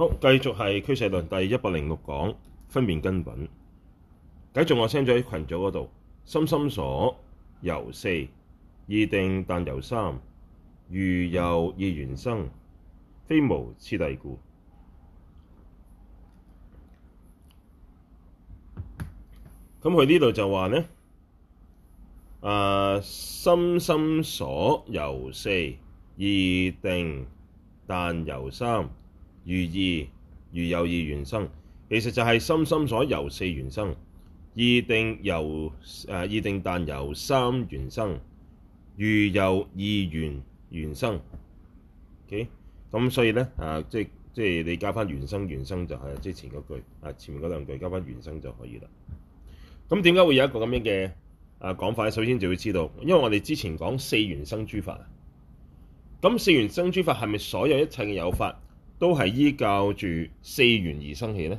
好，繼續係俱舍論第一百零六講，分別根品。繼續我 send 咗喺群組嗰度，心心所由四，二定，但由三，餘由二緣生，非無次第故。咁佢呢度就話呢誒心心所由四，二定，但由三。餘由餘由二緣生，其實就係心心所由四緣生，二定由誒二、啊、定但由三緣生，餘由二緣緣生。OK，咁所以呢，啊，即即係你加翻緣生緣生就係之前嗰句啊，前面嗰兩句加翻緣生就可以啦。咁點解會有一個咁樣嘅啊講法？首先就要知道，因為我哋之前講四緣生諸法，咁四緣生諸法係咪所有一切嘅有法？都係依靠住四緣而生起咧，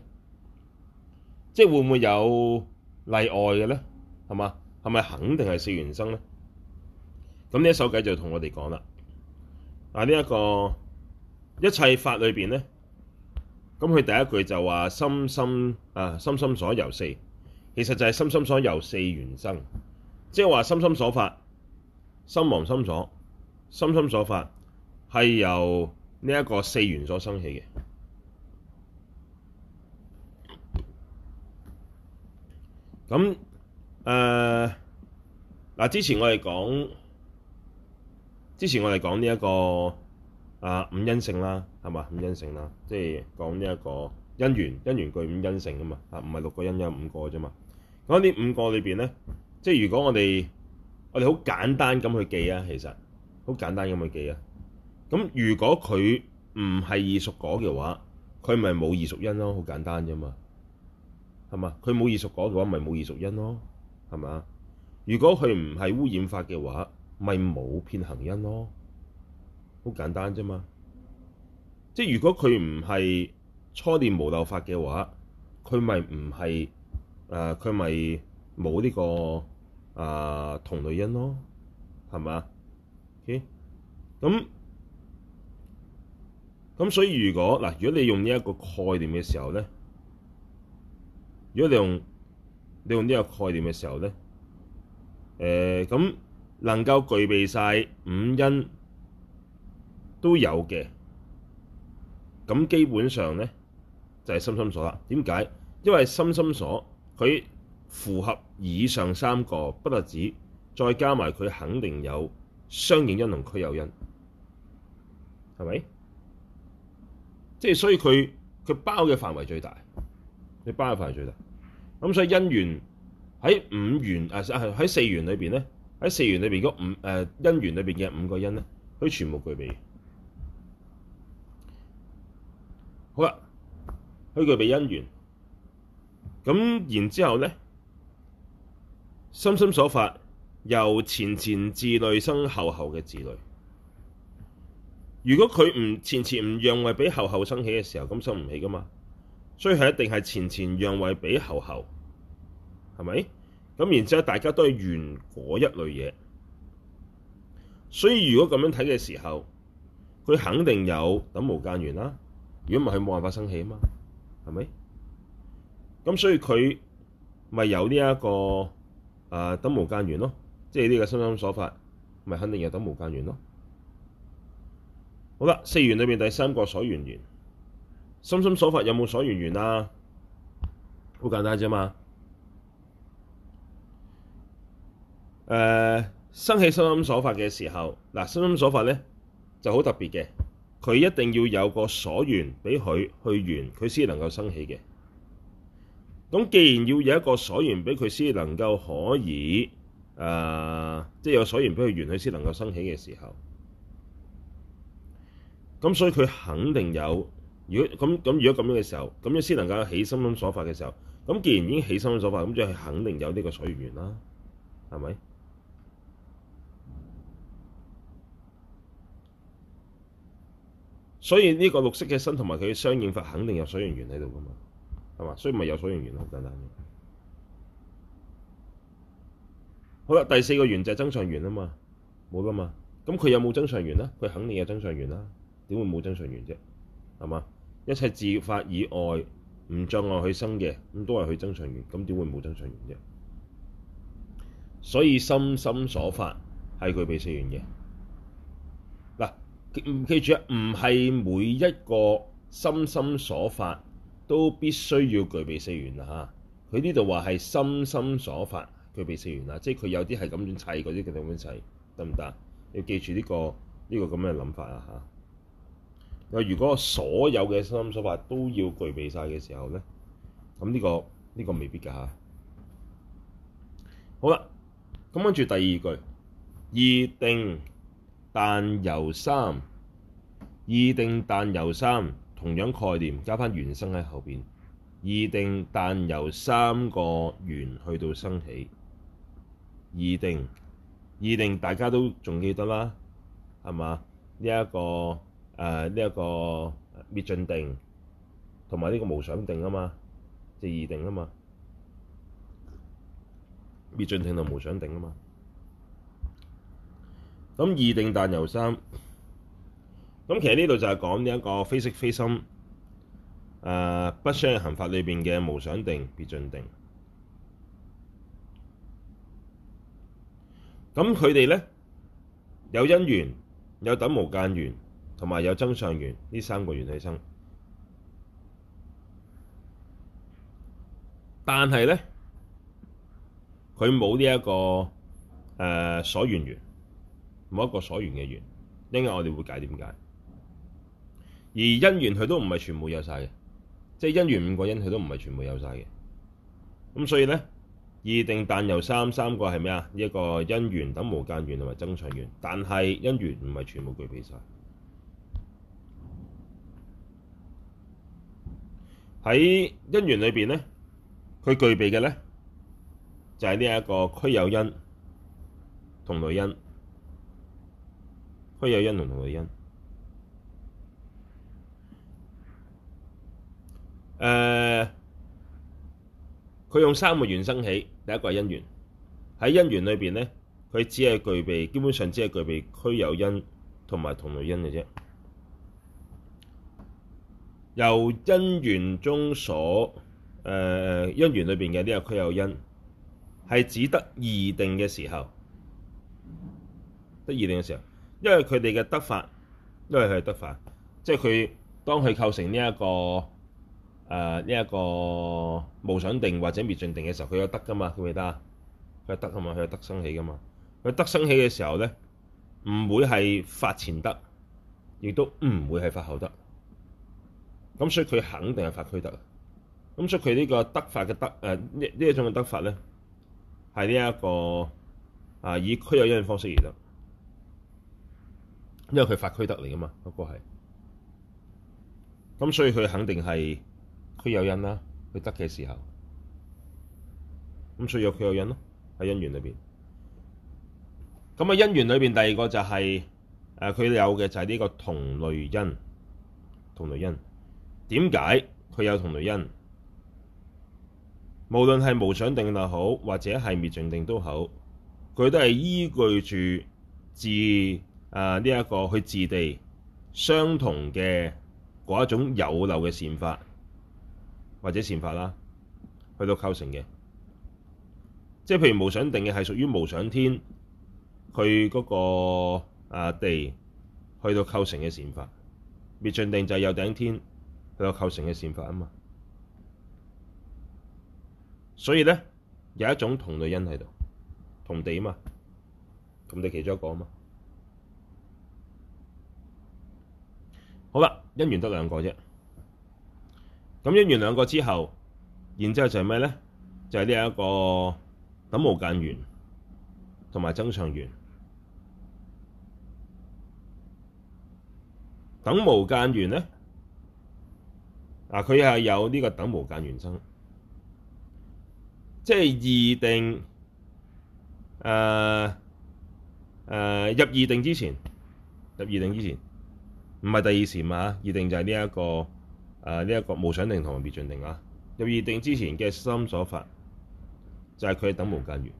即係會唔會有例外嘅咧？係嘛？係咪肯定係四緣生咧？咁呢一首偈就同我哋講啦。嗱、這個，呢一個一切法裏面咧，咁佢第一句就話：心心啊，心心所由四，其實就係心心所由四緣生，即係話心心所法，心王心所，心心所法係由，呢、這、一個四緣所生起嘅，咁誒嗱，之前我哋講，之前我哋講呢一個啊、呃、五因性啦，係嘛，五因性啦，即係講呢一個因緣，因緣具五因性噶嘛，啊，唔係六個因有五個啫嘛。咁呢五個裏邊咧，即係如果我哋我哋好簡單咁去記啊，其實好簡單咁去記啊。咁如果佢唔係異熟果嘅話，佢咪冇異熟因咯，好簡單啫嘛，係嘛？佢冇異熟果嘅話，咪冇異熟因咯，係嘛？如果佢唔係污染法嘅話，咪冇遍行因咯，好簡單啫嘛。即係如果佢唔係初念無漏法嘅話，佢咪唔係誒？佢咪冇呢個啊、呃、同類因咯，係嘛？okay，咁。咁所以如果嗱，如果你用呢一個概念嘅時候咧，如果你用你用呢個概念嘅時候咧，誒、呃、咁能夠具備晒五因都有嘅，咁基本上咧就係、是、心心所啦。點解？因為心心所佢符合以上三個不特止，再加埋佢肯定有相應因同俱有因，係咪？即係所以佢佢包嘅範圍最大，佢包嘅範圍最大。咁所以因緣喺五緣啊、啊，喺四緣裏邊咧，喺四緣裏邊嗰五誒因、呃、緣裏邊嘅五個因咧，佢全部具備。好啦、啊，佢具備因緣。咁然之後咧，心心所法，由前前自類生後後嘅自類。如果佢唔前前唔讓位俾後後生起嘅時候，咁生唔起噶嘛。所以係一定係前前讓位俾後後，係咪？咁然之後大家都係緣果一類嘢。所以如果咁樣睇嘅時候，佢肯定有等無間緣啦。如果唔係，佢冇辦法生起啊嘛，係咪？咁所以佢咪有呢、這、一個、呃、等無間緣咯，即係呢個心心所法，咪肯定有等無間緣咯。好啦，四緣裏面第三個所緣緣，心心所法有冇所緣緣啊？好簡單啫嘛。誒、呃，生起心心所法嘅時候，嗱心心所法咧就好特別嘅，佢一定要有個所緣俾佢去緣，佢先能夠生起嘅。咁既然要有一個所緣俾佢先能夠可以誒，即、呃、係、就是、有所緣俾佢緣，佢先能夠生起嘅時候。咁所以佢肯定有。如果咁咁，如果咁樣嘅時候，咁樣先能夠起心心所法嘅時候，咁既然已經起心心所法，咁就係肯定有呢個所緣緣啦，係咪？所以呢個六識身同埋佢相應法，肯定有所緣緣喺度噶嘛，係嘛？所以咪有所緣緣咯，好簡單嘅。好啦，第四個緣就係增上緣啊嘛，冇噶嘛。咁佢有冇增上緣咧？佢肯定有增上緣啦。點會冇增上緣啫？係嘛，一切自法以外，唔障礙佢生嘅咁，都係佢增上緣。咁點會冇增上緣啫？所以心心所法係具備四緣嘅嗱。唔記，記住啊，唔係每一個心心所法都必須要具備四緣吓，佢呢度話係心心所法具備四緣啦，即係佢有啲係咁樣砌，嗰啲佢咁樣砌得唔得？要記住呢個呢個咁嘅諗法啊！吓。如果所有嘅心所法都要具備晒嘅時候咧，咁呢、呢個呢、呢個未必㗎吓，好啦，咁跟住第二句，二定但由三，二定但由三，同樣概念加翻緣生喺後邊，二定但由三個緣去到生起，二定二定，大家都仲記得啦，係嘛呢一個？誒呢一個滅盡定，同埋呢個無想定啊嘛，即二定啊嘛，滅盡定同無想定啊嘛。咁二定但由三，咁其實呢度就係講呢一個非色非心誒、啊、不相行法裏邊嘅無想定、滅盡定。咁佢哋咧有因緣，有等無間緣，同埋有增上緣呢三個緣起生，但係咧佢冇呢一、這個誒、呃、所緣緣冇一個所緣嘅緣，因為我哋會解點解，而因緣佢都唔係全部有晒嘅，即係因緣五個因佢都唔係全部有晒嘅。咁所以咧二定但由三三個係咩啊？一、這個因緣等無間緣同埋增上緣，但係因緣唔係全部具備晒。喺因緣裏邊咧，佢具備嘅咧就係呢一個俱有因、同類因，俱有因、同類因。誒、呃，佢用三個緣生起，第一個係因緣。喺因緣裏邊咧，佢只係具備，基本上只係具備俱有因同埋同類因嘅啫。由因緣中所誒、呃、因緣裏邊嘅呢個俱有因，係只得二定嘅時候，得二定嘅時候，因為佢哋嘅得法，因為佢係得法，即係佢當佢構成呢、這、一個誒呢一個無想定或者滅盡定嘅時候，佢有得噶嘛？佢咪得啊？佢有得噶嘛？佢有，有，有得生起噶嘛？佢得生起嘅時候咧，唔會係法前得，亦都唔會係法後得。咁所以佢肯定係法俱得，咁所以佢呢個得法嘅得，誒呢呢一種嘅得法咧，係呢一個啊以俱有因嘅方式而得，因為佢法俱得嚟噶嘛，不過係咁，所以佢肯定係俱有因啦。佢得嘅時候，咁所以有俱有因咯喺因緣裏邊。咁啊，因緣裏邊第二個就係誒佢有嘅就係呢個同類因，同類因。點解佢有同類因？無論係無想定又好，或者係滅盡定都好，佢都係依據住自啊呢一個去自地相同嘅嗰一種有漏嘅善法或者善法啦，去到構成嘅。即係譬如無想定嘅係屬於無想天，佢嗰個啊地去到構成嘅善法，滅盡定就係有頂天。佢有構成嘅善法啊嘛，所以咧，有一種同類因喺度，同地啊嘛，同地其中一個啊嘛，好啦，因緣得兩個啫，咁因緣兩個之後，然之後就係咩咧？就係呢一個等無間緣同埋增上緣，等無間緣咧？嗱、啊，佢係有呢個等無間緣生，即係二定，誒、啊、誒、啊、入二定之前，入二定之前，唔係第二禪嘛？二定就係呢一個誒呢一個無想定同埋滅盡定啊。入二定之前嘅心所法，就係、是、佢嘅等無間緣，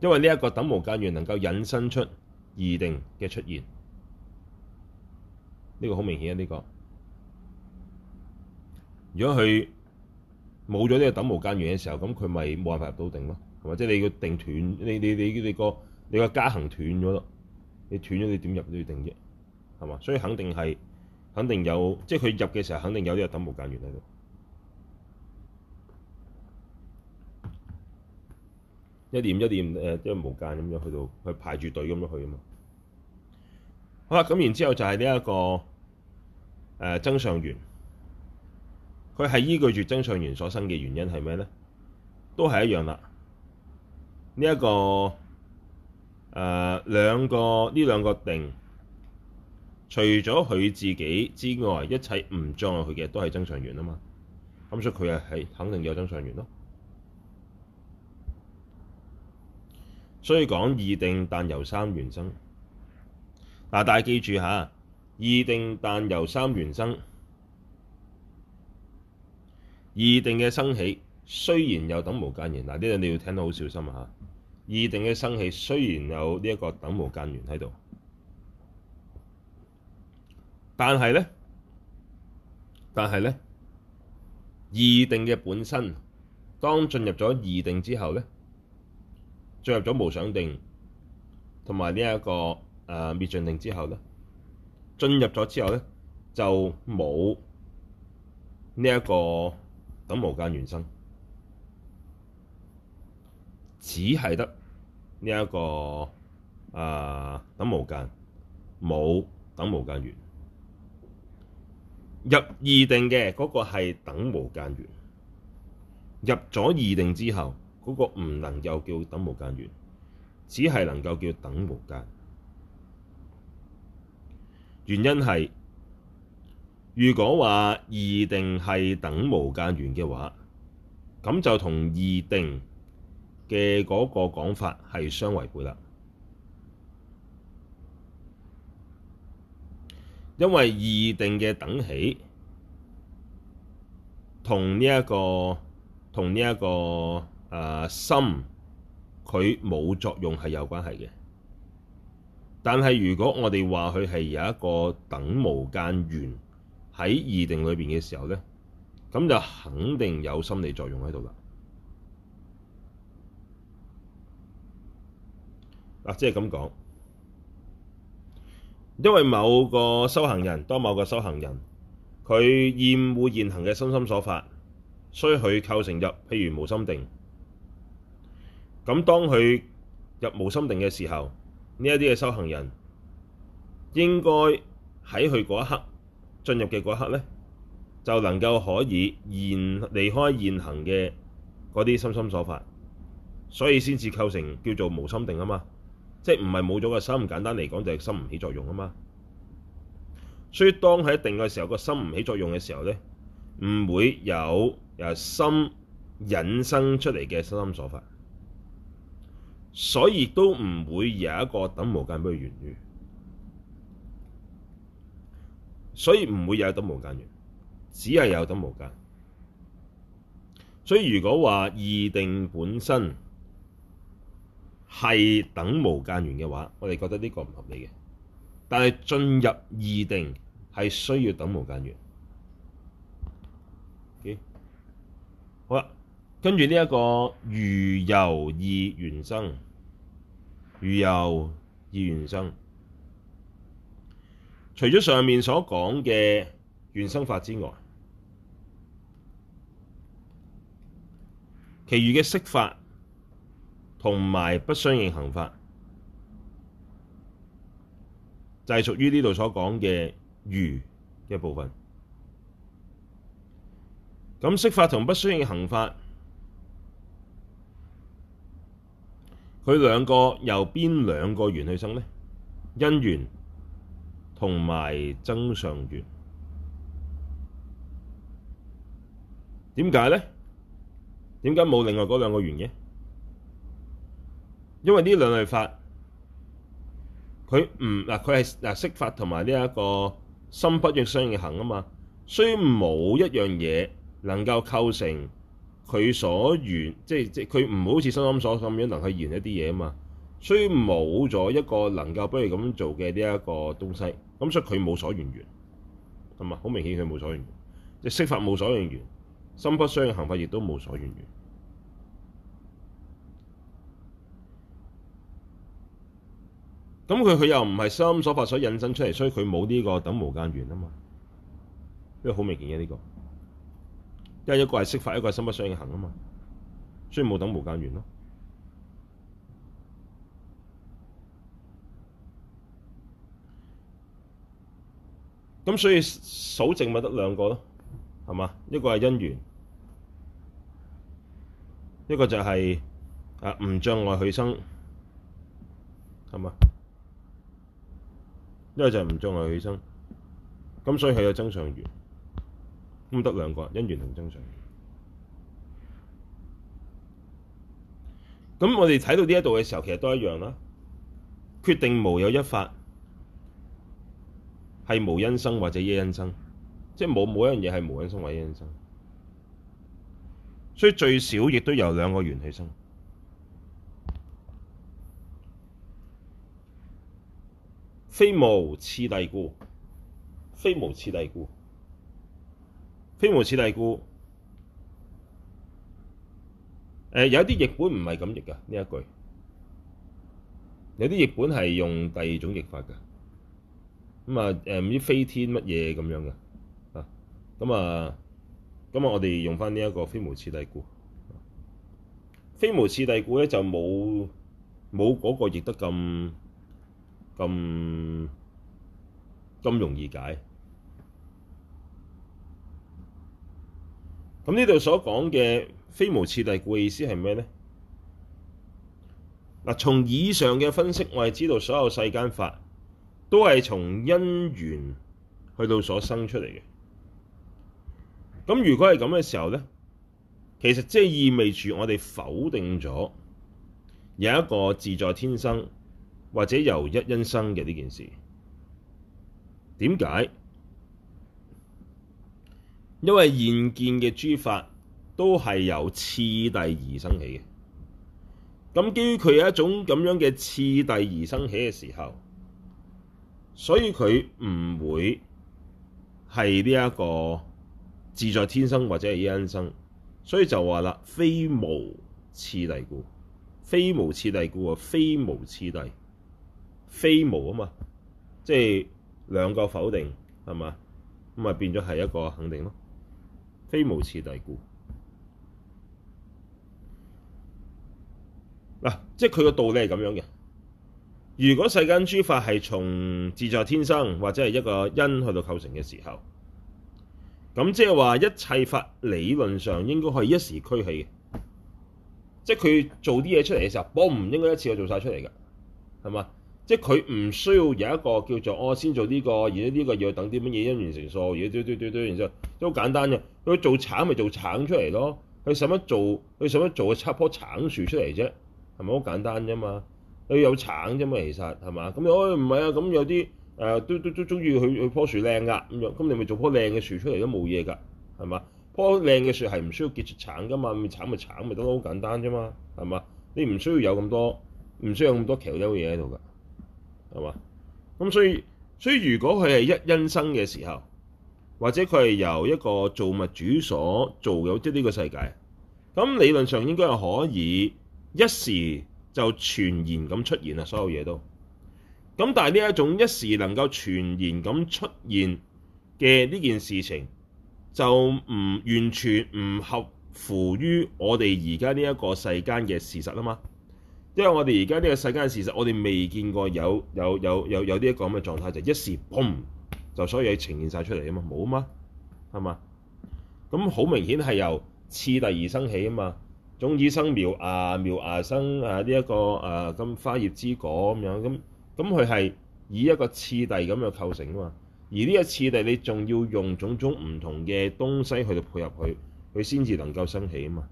因為呢一個等無間緣能夠引生出二定嘅出現。呢、個好明顯啊！呢、個，如果佢冇咗呢個等無間緣嘅時候，咁佢咪冇辦法入到定咯，係咪？即係你個定斷，你你你你個你個加行斷咗咯，你斷咗你點入都要定啫？係嘛？所以肯定係肯定有，即係佢入嘅時候肯定有呢個等無間緣喺度，一念一念誒，即係無間咁樣去到去排住隊咁樣去啊嘛。好啦，咁然之後就係呢一個誒、呃、增上緣。佢係依據住增上緣所生嘅原因係咩咧？都係一樣啦。呢、這、一個誒、呃、兩個呢兩個定，除咗佢自己之外，一切唔障礙佢嘅都係增上緣啊嘛。咁所以佢係肯定有增上緣咯。所以講二定，但由三緣生。嗱，大家記住嚇，二定但由三緣生，二定嘅生起雖然有等無間緣，嗱呢度你要聽得好小心啊！嚇，二定嘅生起雖然有呢一個等無間緣喺度，但係咧，但係咧，二定嘅本身當進入咗二定之後咧，進入咗無想定同埋呢一個。誒、啊，滅盡定之後咧，進入咗之後呢，之後呢就冇呢一個等無間緣生，只係得呢一個誒、啊、等無間冇等無間緣入二定嘅嗰、那個係等無間緣入咗二定之後，嗰、那個唔能夠叫等無間緣，只係能夠叫等無間。原因係，如果話二定係等無間緣嘅話，咁就同二定嘅嗰個講法係相違背啦。因為二定嘅等起，同呢一個同呢一個誒、啊、心，佢冇作用係有關係嘅。但係，如果我哋話佢係有一個等無間緣喺二定裏邊嘅時候咧，咁就肯定有心理作用喺度啦。嗱、啊，即係咁講，因為某個修行人，當某個修行人佢厭惡現行嘅心心所法，所以佢構成入譬如無心定。咁當佢入無心定嘅時候，呢一啲嘅修行人，應該喺佢嗰一刻進入嘅嗰一刻咧，就能夠可以現離開現行嘅嗰啲心心所法，所以先至構成叫做無心定啊嘛，即係唔係冇咗個心，唔簡單嚟講就係心唔起作用啊嘛。所以當喺定嘅時候，個心唔起作用嘅時候咧，唔會有，有心引生出嚟嘅心心所法。所以都唔會有一個等無間不嘅緣，所以唔會有等無間緣，只係有等無間。所以如果話二定本身係等無間緣嘅話，我哋覺得呢個唔合理嘅。但係進入二定係需要等無間緣。Okay? 好啦，跟住呢一個餘由二緣生。餘由二緣生，除咗上面所講嘅緣生法之外，其餘嘅色法同埋不相應行法，就係屬於呢度所講嘅餘嘅部分。咁色法同不相應行法。佢兩個由邊兩個緣去生咧？因緣同埋增上緣。點解咧？點解冇另外嗰兩個緣嘅？因為呢兩類法，佢唔嗱，佢係嗱色法同埋呢一個心不相應行啊嘛，所以冇一樣嘢能夠構成。佢所緣，即係即係佢唔好似心心所咁樣能去緣一啲嘢啊嘛，所以冇咗一個能夠畀佢咁做嘅呢一個東西，咁所以佢冇所緣緣，係嘛？好明顯佢冇所緣緣，即係色法冇所緣緣，心不相應行法亦都冇所緣緣。咁佢佢又唔係心心所法，所以引生出嚟，所以佢冇呢個等無間緣啊嘛，因為好明顯嘅呢個。因為一個係色法，一個係心不相應行啊嘛，所以冇等無間緣咯。咁所以數淨咪得兩個咯，係嘛？一個係因緣，一個就係啊唔障礙佢生，係嘛？一個就係唔障礙佢生，咁所以係有增上緣。咁得兩個，因緣同增上。咁我哋睇到呢一度嘅時候，其實都一樣啦。決定無有一法，係無因生或者一因生，即係冇冇一樣嘢係無因生或者一因生。所以最少亦都有兩個緣起生，非無次第故，非無次第故。非無次第故，誒有啲譯本唔係咁譯噶，呢一句，有啲譯本係用第二種譯法噶。咁啊誒唔知飛天乜嘢咁樣噶，啊咁啊咁啊我哋用返呢一個非無次第故，非無次第故呢就冇冇嗰個譯得咁咁咁容易解。咁呢度所講嘅非無次第故意思係咩呢？嗱，從以上嘅分析，我哋知道所有世間法都係從因緣去到所生出嚟嘅。咁如果係咁嘅時候咧，其實即係意味住我哋否定咗有一個自在天生或者由一因生嘅呢件事。點解？因為現見嘅諸法都係由次第而生起嘅，咁基於佢有一種咁樣嘅次第而生起嘅時候，所以佢唔會係呢一個自在天生或者係因生，所以就話啦，非無次第故，非無次第故啊，非無次第，非無啊嘛，即係兩個否定係咪，咁啊變咗係一個肯定咯。非無次第故嗱，即係佢個道理係咁樣嘅。如果世間諸法係從自在天生或者係一個因去到構成嘅時候，咁即係話一切法理論上應該可以一時俱起嘅，即係佢做啲嘢出嚟嘅時候，我唔應該一次過做晒出嚟㗎，係嘛？即係佢唔需要有一個叫做哦，先做呢個，而呢個要等啲乜嘢因緣成熟嘢，嘟嘟嘟嘟然之後都好簡單嘅。佢做橙咪做橙出嚟咯。佢使乜做，佢使乜做？佢插棵橙樹出嚟啫，係咪好簡單啫嘛？佢有橙啫嘛，其實係嘛？咁啊唔係啊，咁有啲誒、呃、都都都中意佢佢棵樹靚㗎咁樣，咁你咪做棵靚嘅樹出嚟都冇嘢㗎，係嘛？樖靚嘅樹係唔需要結出橙㗎嘛？咪橙咪橙咪都好簡單啫嘛，係嘛？你唔需要有咁多，唔需要咁多橋州嘢喺度㗎。係嘛？咁所以，所以如果佢係一因生嘅時候，或者佢係由一個造物主所造有即係呢個世界，咁理論上應該係可以一時就全然咁出現啊，所有嘢都。咁但係呢一種一時能夠全然咁出現嘅呢件事情，就唔完全唔合乎於我哋而家呢一個世間嘅事實啊嘛。因為我哋而家呢個世界事實，我哋未見過有有有有有啲一個咁嘅狀態，就是一時砰就所有呈現晒出嚟啊嘛，冇啊嘛，係嘛？咁好明顯係由次第而生起啊嘛，種子生苗芽，苗芽生啊呢一、這個啊咁花葉之果咁樣咁咁佢係以一個次第咁樣構成啊嘛，而呢一個次第你仲要用種種唔同嘅東西去到配合佢，佢先至能夠生起啊嘛。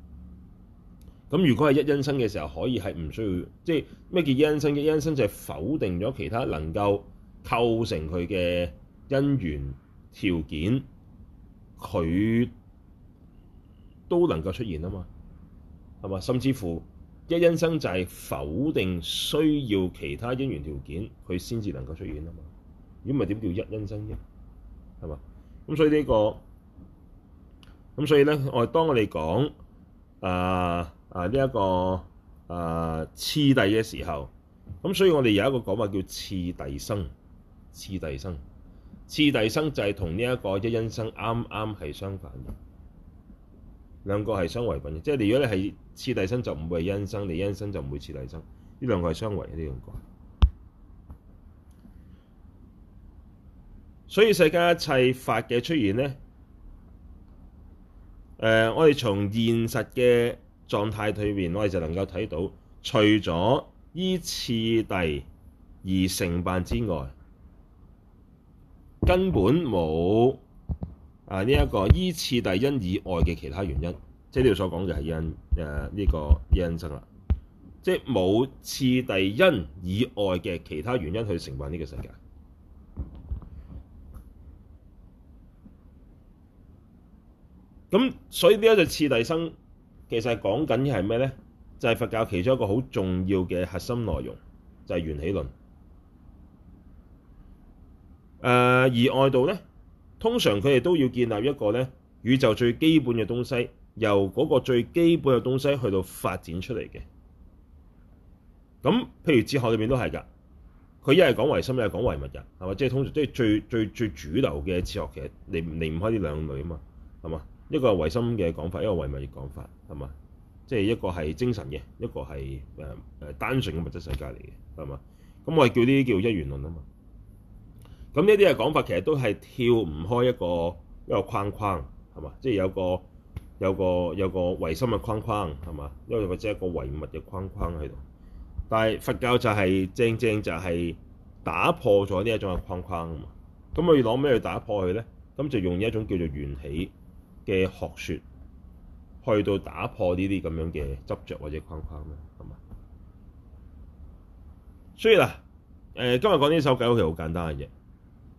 咁如果係一因生嘅時候，可以係唔需要，即係咩叫一因生？一因生就係否定咗其他能夠構成佢嘅因緣條件，佢都能夠出現啊嘛，係嘛？甚至乎一因生就係否定需要其他因緣條件，佢先至能夠出現啊嘛。如果唔係點叫一因生啫？係嘛？咁所以呢個，咁所以咧，我當我哋講啊。呃啊！呢、這、一個啊、呃，次第嘅時候，咁所以我哋有一個講法叫次第生，次第生，次第生就係同呢一個一因生啱啱係相反嘅，兩個係相違品嘅，即係如果你係次第生就唔會因生，你因生就唔會次第生，呢兩個係相違嘅呢兩個。所以世界一切法嘅出現咧，誒、呃，我哋從現實嘅。狀態退變，我哋就能夠睇到，除咗依次第而成辦之外，根本冇啊，呢一個依次第因以外嘅其他原因，即呢度所講嘅係因，誒呢個因生啦，即係冇次第因以外嘅其他原因去成辦呢個世界。咁所以呢一個次第生。其實講緊嘅係咩咧？就係、是、佛教其中一個好重要嘅核心內容，就係緣起論。誒、呃、而外道咧，通常佢哋都要建立一個咧宇宙最基本嘅東西，由嗰個最基本嘅東西去到發展出嚟嘅。咁譬如哲學裏邊都係㗎，佢一係講唯心，一係講唯物㗎，係嘛？即、就、係、是、通常即係、就是、最最最主流嘅哲學，其實離離唔開呢兩類啊嘛，係嘛？一個係唯心嘅講法，一個唯物嘅講法，係嘛？即係一個係精神嘅，一個係誒誒單純嘅物質世界嚟嘅，係嘛？咁我哋叫呢啲叫一元論啊嘛。咁呢啲嘅講法其實都係跳唔開一個一個框框，係嘛？即係有個有個有個唯心嘅框框，係嘛？因為或者一個唯物嘅框框喺度。但係佛教就係、是、正正就係打破咗呢一種嘅框框啊嘛。咁我要攞咩去打破佢咧？咁就用呢一種叫做緣起，嘅學說，去到打破呢啲咁樣嘅執着或者框框咁啊。所以啦、呃、今日講呢首偈，好似好簡單嘅啫。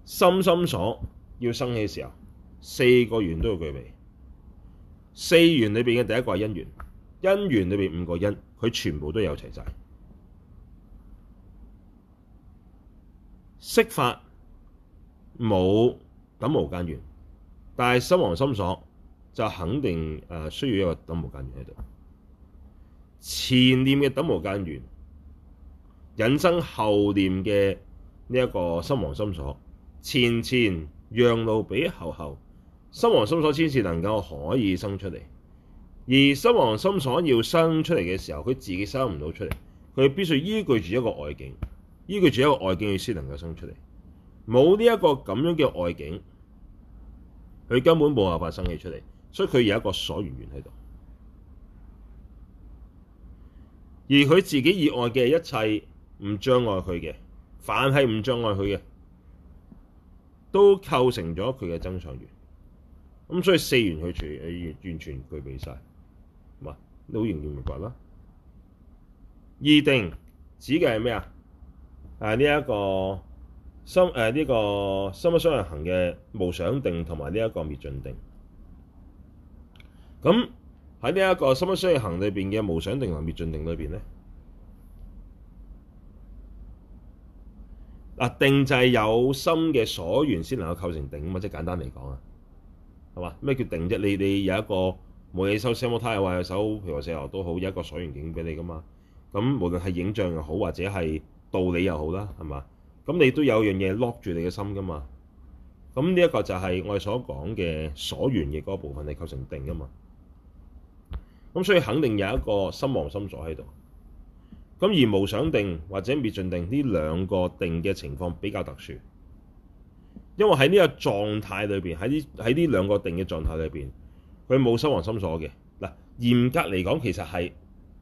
心心所要生起嘅時候，四個緣都要具備。四緣裏面嘅第一個係因緣，因緣裏面五個因，佢全部都有齊晒。色法冇等無間緣，但係心王心所就肯定誒需要一個等無間緣喺度，前念嘅等無間緣引生後念嘅呢一個心王心所，前前讓路俾後後，心王心所先至能夠可以生出嚟，而心王心所要生出嚟嘅時候，佢自己生唔到出嚟，佢必須依據住一個外境，依據住一個外境，佢先能夠生出嚟。冇呢一個咁樣嘅外境，佢根本冇辦法生起出嚟。所以佢有一個所緣緣喺度，而佢自己以外嘅一切唔障礙佢嘅，凡係唔障礙佢嘅，都構成咗佢嘅增上緣。咁所以四緣佢全完全具備晒，唔係，你好仍然明白啦。二定指嘅係咩啊？係呢一個心誒、呢、啊呢個心不相應行嘅無想定同埋呢一個滅盡定。咁喺呢一個心不相應行裏面嘅無想定同滅盡定裏面咧，定就係有心嘅所緣先能夠構成定啊嘛。即係簡單嚟講啊，係嘛？咩叫定啫？你你有一個，有一個無嘢修奢摩他，又話有修，譬如話舍羅都好，有一個所緣境俾你噶嘛。咁無論係影像又好，或者係道理又好啦，係嘛？咁你都有樣嘢 lock 住你嘅心噶嘛。咁呢一個就係我哋所講嘅所緣嘅嗰部分係構成定噶嘛。嗯咁所以肯定有一個心王心所喺度。咁而無想定或者滅盡定呢兩個定嘅情況比較特殊，因為喺呢個狀態裏面，喺呢喺呢兩個定嘅狀態裏面，佢冇心王心所嘅嗱。嚴格嚟講，其實係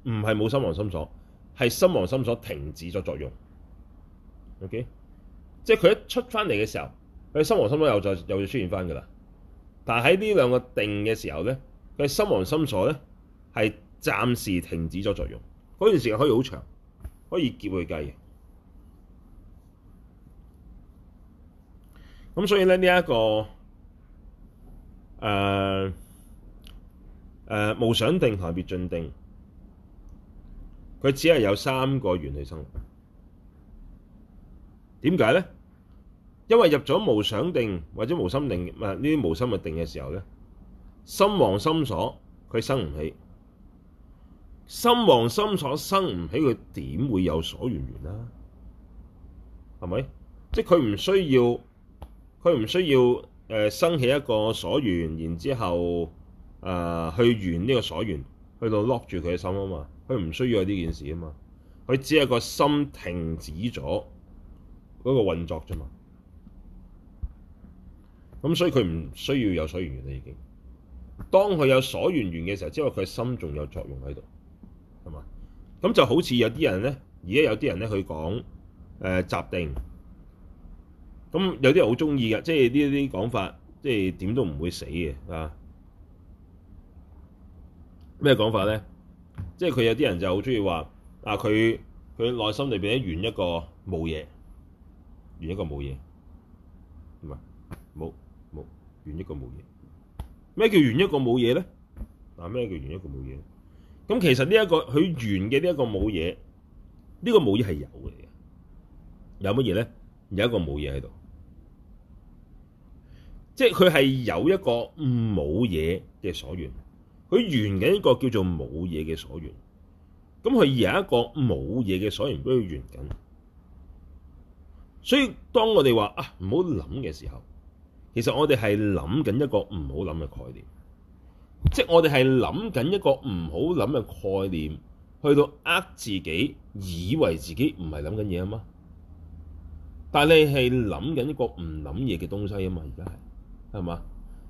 唔係冇心王心所，係心王心所停止咗作用。OK，即係佢一出翻嚟嘅時候，佢心王心所又再又要出現返㗎喇。但係喺呢兩個定嘅時候咧，佢心王心所咧。係暫時停止咗作用，嗰段時間可以好長，可以劫去計嘅。咁所以咧，呢、這、一個誒誒、呃呃、無想定同滅盡定，佢只係有三個緣去生。點解咧？因為入咗無想定或者無心定，唔呢啲無心嘅定嘅時候咧，心王心所，佢生唔起。心王心所生唔起，佢點會有所緣緣啦？係咪？即係佢唔需要，佢唔需要誒、呃，生起一個所緣，然之後誒、呃、去緣呢個所緣，去到 lock 住佢嘅心啊嘛。佢唔需要有呢件事啊嘛。佢只係個心停止咗嗰、那個運作啫嘛。咁所以佢唔需要有所緣緣啦。已經，當佢有所緣緣嘅時候，即係話佢心仲有作用喺度。咁就好似有啲人咧，而家有啲人咧去講誒、呃、習定，咁有啲人好中意嘅，即係呢啲講法，即係點都唔會死嘅啊！咩講法咧？即係佢有啲人就好中意話啊，佢佢內心裏邊緣一個冇嘢，緣一個冇嘢，唔係冇冇緣一個冇嘢。咩叫緣一個冇嘢咧？嗱、啊，咩叫緣一個冇嘢？咁其實呢、這、一個佢緣嘅呢一個冇嘢，呢、這個冇嘢係有嘅，有乜嘢咧？有一個冇嘢喺度，即係佢係有一個冇嘢嘅所緣，佢緣緊一個叫做冇嘢嘅所緣，咁佢有一個冇嘢嘅所緣都要緣緊，所以當我哋話啊唔好諗嘅時候，其實我哋係諗緊一個唔好諗嘅概念。即係我哋係諗緊一個唔好諗嘅概念，去到呃自己，以為自己唔係諗緊嘢啊嘛。但係你係諗緊一個唔諗嘢嘅東西啊嘛，而家係係嘛？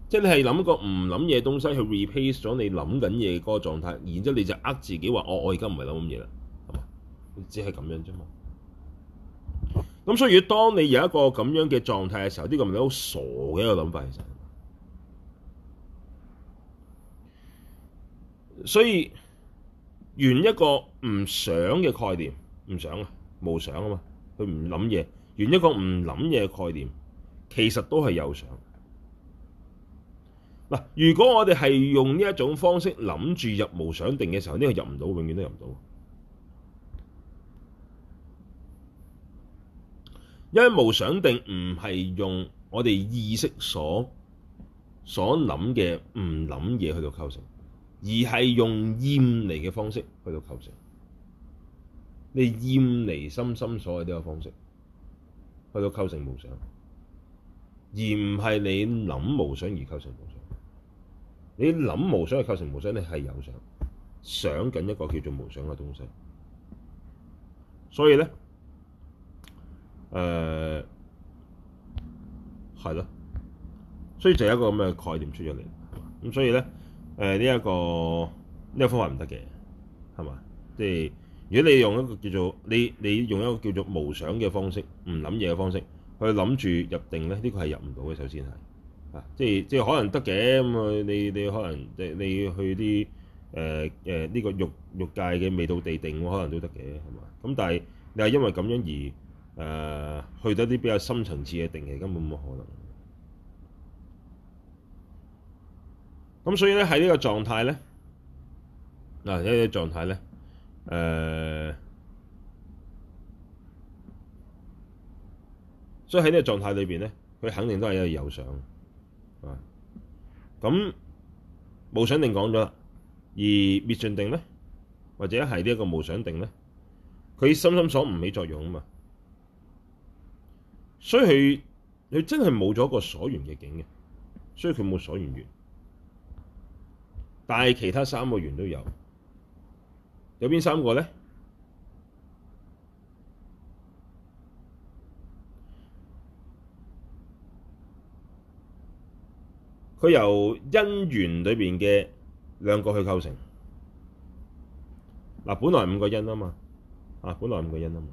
即係你係諗一個唔諗嘢嘅東西去 replace 咗你諗緊嘢嗰個狀態，然之後你就呃自己話，哦，我我而家唔係諗咁嘢啦，係嘛？你只係咁樣啫嘛。咁所以當你有一個咁樣嘅狀態嘅時候，呢個咪好傻嘅一個諗法，其實。所以，緣一個唔想嘅概念，唔想啊，無想啊嘛，佢唔諗嘢，緣一個唔諗嘢嘅概念，其實都係有想。嗱，如果我哋係用呢一種方式諗住入無想定嘅時候，呢個入唔到，永遠都入唔到。因為無想定唔係用我哋意識所所諗嘅唔諗嘢去到構成。而係用厭離嘅方式去到構成，你厭離心心所有呢個方式，去到構成無想，而唔係你諗無想而構成無想。你諗無想去構成無想，你係有想，想緊一個叫做無想嘅東西。所以咧，誒、呃，係咯，所以就係一個咁嘅概念出咗嚟。咁所以咧。誒呢一個呢、呢個方法唔得嘅，係嘛？即係如果你用一個叫做你你用一個叫做無想嘅方式，唔諗嘢嘅方式去諗住入定咧，呢、呢個係入唔到嘅。首先係啊，即係即係可能得嘅咁啊，你你可能你你去啲誒誒呢個欲欲界嘅未到地定，可能都得嘅，係嘛？咁但係你係因為咁樣而誒、呃、去到啲比較深層次嘅定期，其實根本冇可能。咁所以咧，喺呢在這個狀態咧，嗱、啊、呢個狀態咧，誒、呃，所以喺呢個狀態裏邊咧，佢肯定都係一個有想，係、啊、咁無想定講咗啦，而滅盡定咧，或者係呢一個無想定咧，佢心心所唔起作用啊嘛，所以佢真係冇咗個所緣嘅境嘅，所以佢冇所緣緣。但係其他三個緣都有，有邊三個呢？佢由因緣裏面嘅兩個去構成。嗱，本來五個因啊嘛，啊，本來五個因啊嘛，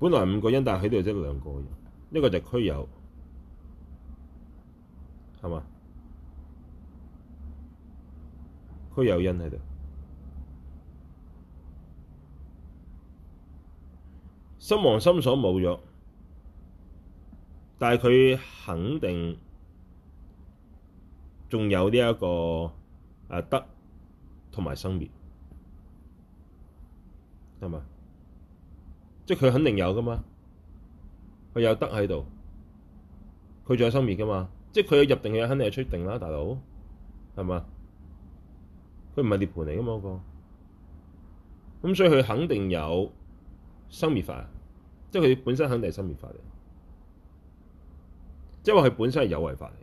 本來五個因，但係喺度即兩個，一個就俱有，係嘛？佢有因喺度，心王心所冇咗，但係佢肯定仲有呢、這、一個誒得同埋生滅，係嘛，嘛？即係佢肯定有噶嘛？佢有得喺度，佢仲有生滅噶嘛？即係佢入定嘅，肯定係出定啦，大佬，係嘛？佢唔係涅槃嚟噶嘛，嗰個，咁所以佢肯定有生滅法，即係佢本身肯定係生滅法嚟，即係話佢本身係有為法嚟。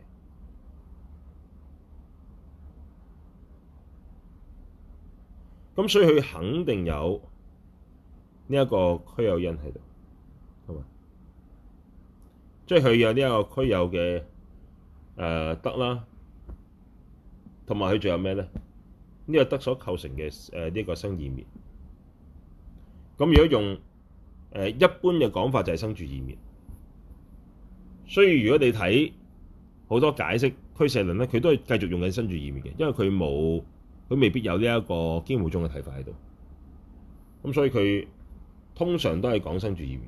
咁所以佢肯定有呢一個俱有因喺度，係嘛？即係佢有呢一個俱有嘅誒得啦，同埋佢仲有咩咧？呢、這個得所構成嘅誒呢個生異滅，咁如果用誒、呃、一般嘅講法就係生住異滅，所以如果你睇好多解釋俱舍論咧，佢都係繼續用緊生住異滅嘅，因為佢冇佢未必有呢一個經典中嘅睇法喺度，咁所以佢通常都係講生住異滅。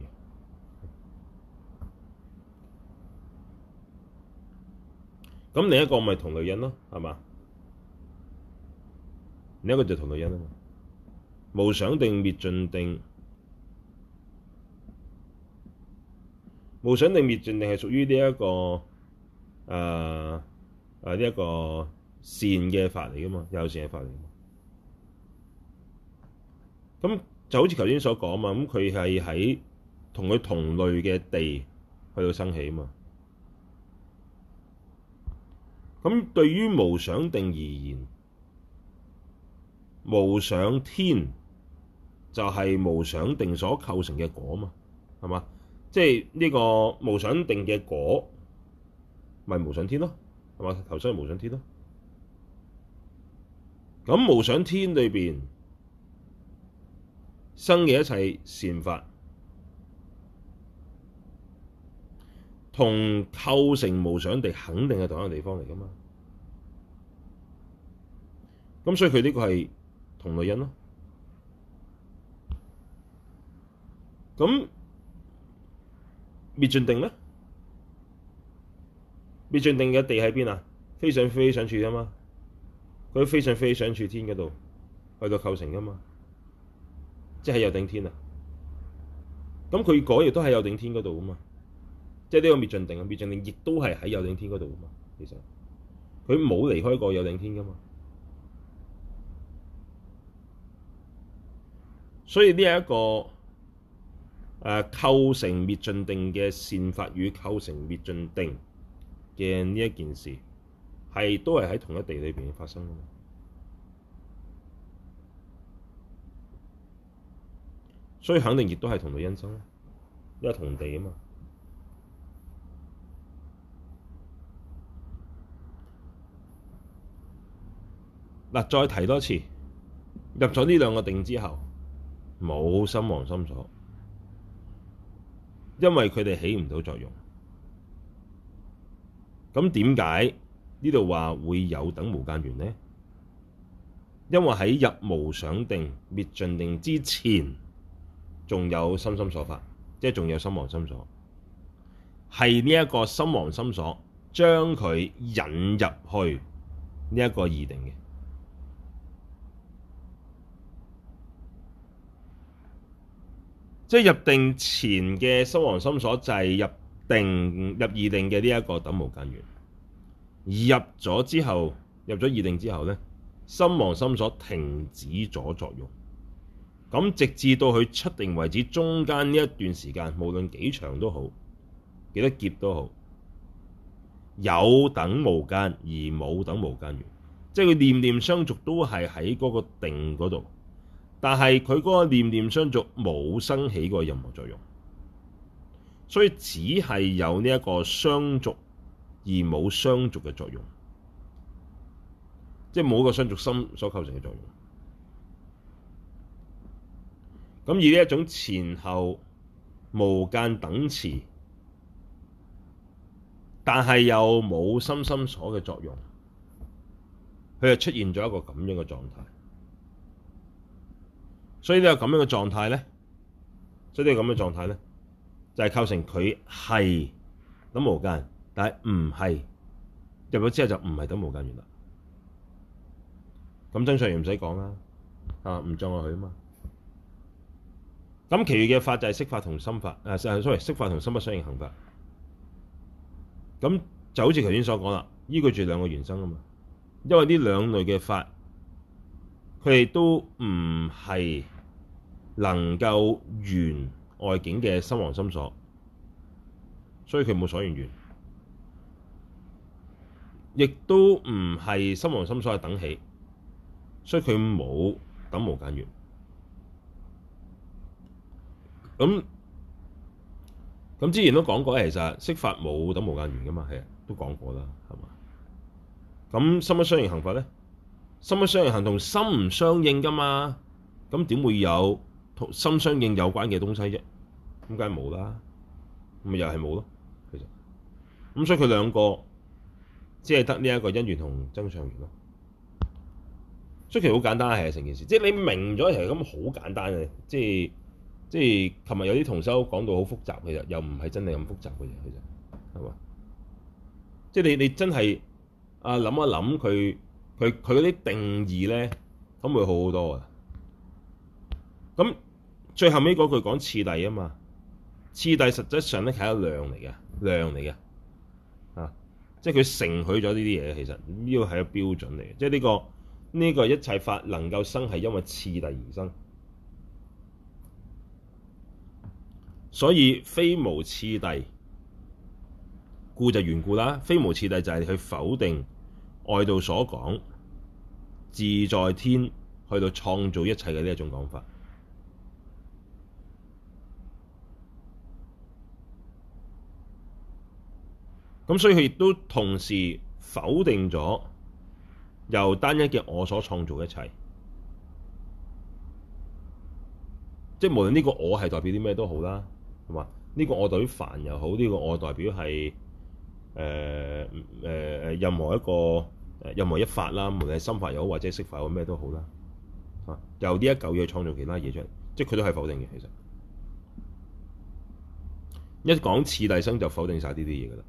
咁另一個咪同類因咯，係嘛？另、這、一個就係同類因啊嘛，無想定滅盡定，無想定滅盡定係屬於呢一個誒誒呢一個善嘅法嚟噶嘛，有善嘅法嚟噶嘛。咁就好似頭先所講嘛，咁佢係喺同佢同類嘅地去到生起啊嘛。咁對於無想定而言。無想天就係、是、無想定所構成嘅果嘛，係嘛？即係呢個無想定嘅果，咪、就是、無想天咯，係嘛？頭先係無想天咯。咁無想天裏邊生嘅一切善法，同構成無想地肯定係同一個地方嚟噶嘛。咁所以佢呢個係。同類人咯，咁滅盡定呢？滅盡定嘅地喺邊啊？非想非非想處啊嘛，佢非想非非想處天嗰度，去到構成噶嘛，即係有頂天啊！咁佢講亦都喺有頂天嗰度噶嘛，即係呢個滅盡定啊！滅盡定亦都係喺有頂天嗰度噶嘛，其實佢冇離開過有頂天噶嘛。所以呢、這、一個誒、啊、構成滅盡定嘅善法與構成滅盡定嘅呢一件事，係都係喺同一地裏面發生的。所以肯定亦都係同類因生，因為同地啊嘛。嗱，再提多次，入咗呢兩個定之後。冇心王心所，因為佢哋起唔到作用。咁點解呢度話會有等無間緣呢？因為喺入無想定、滅盡定之前，仲有心心所法，即係仲有心王心所，係呢一個心王心所將佢引入去呢一個二定嘅。即係入定前嘅心王心所制，就係，入定入二定嘅呢一個等無間緣，入咗之後，入咗二定之後咧，心王心所停止咗作用，咁直至到佢出定為止，中間呢一段時間，無論幾長都好，幾多劫都好，有等無間而冇等無間緣，即係佢念念相續，都係喺嗰個定嗰度。但係佢嗰個念念相續冇生起過的任何作用，所以只係有呢一個相續而冇相續嘅作用，即係冇個相續心所構成嘅作用。咁而呢一種前後無間等持，但係又冇心心所嘅作用，佢就出現咗一個咁樣嘅狀態。所以有呢有咁樣嘅狀態咧，所以啲咁樣嘅狀態咧，就係、是、構成佢係等無間，但係唔係入咗之後就唔係等無間緣啦。咁增上緣唔使講啦，係嘛？唔撞落去啊嘛。咁其餘嘅法就係色法同心法，誒誒，sorry，色法同心不相應行法。咁就好似頭先所講啦，依個住兩個緣生啊嘛。因為呢兩類嘅法，佢哋都唔係。能夠緣外境嘅心王心所，所以佢冇所緣緣，亦都唔係心王心所嘅等起，所以佢冇等無間緣。咁咁之前都講過，其實色法冇等無間緣噶嘛，係都講過啦，係嘛？咁心不相應行法咧，心不相應行同心唔相應噶嘛，咁點會有？同心相應有關嘅東西啫，點解冇啦？咪又係冇咯。其實咁所以佢兩個即係得呢一個因緣同增上緣咯。所以其實好簡單係成件事，即係你明咗其實咁好簡單嘅，即係即係琴日有啲同修講到好複雜，其實又唔係真係咁複雜嘅嘢其實係嘛？即係你你真係啊諗一諗佢佢佢嗰啲定義咧，咁會好好多嘅。咁最後尾嗰句講次第啊嘛，次第實際上咧係一個量嚟嘅，量嚟嘅，啊，即係佢承許咗呢啲嘢，其實呢個係一個標準嚟嘅，即係呢個呢個一切法能夠生係因為次第而生，所以非無次第，故就緣故啦。非無次第就係去否定外道所講自在天去到創造一切嘅呢一種講法。咁所以佢亦都同時否定咗由單一嘅我所創造的一切，即係無論呢個我係代表啲咩都好啦，係嘛？呢個我代表煩又好，呢個我代表係誒誒任何一個任何一法啦，無論係心法又好，或者色法或咩都好啦，啊，由呢一嚿嘢創造其他嘢出嚟，即係佢都係否定嘅。其實一講次第生就否定晒呢啲嘢噶啦。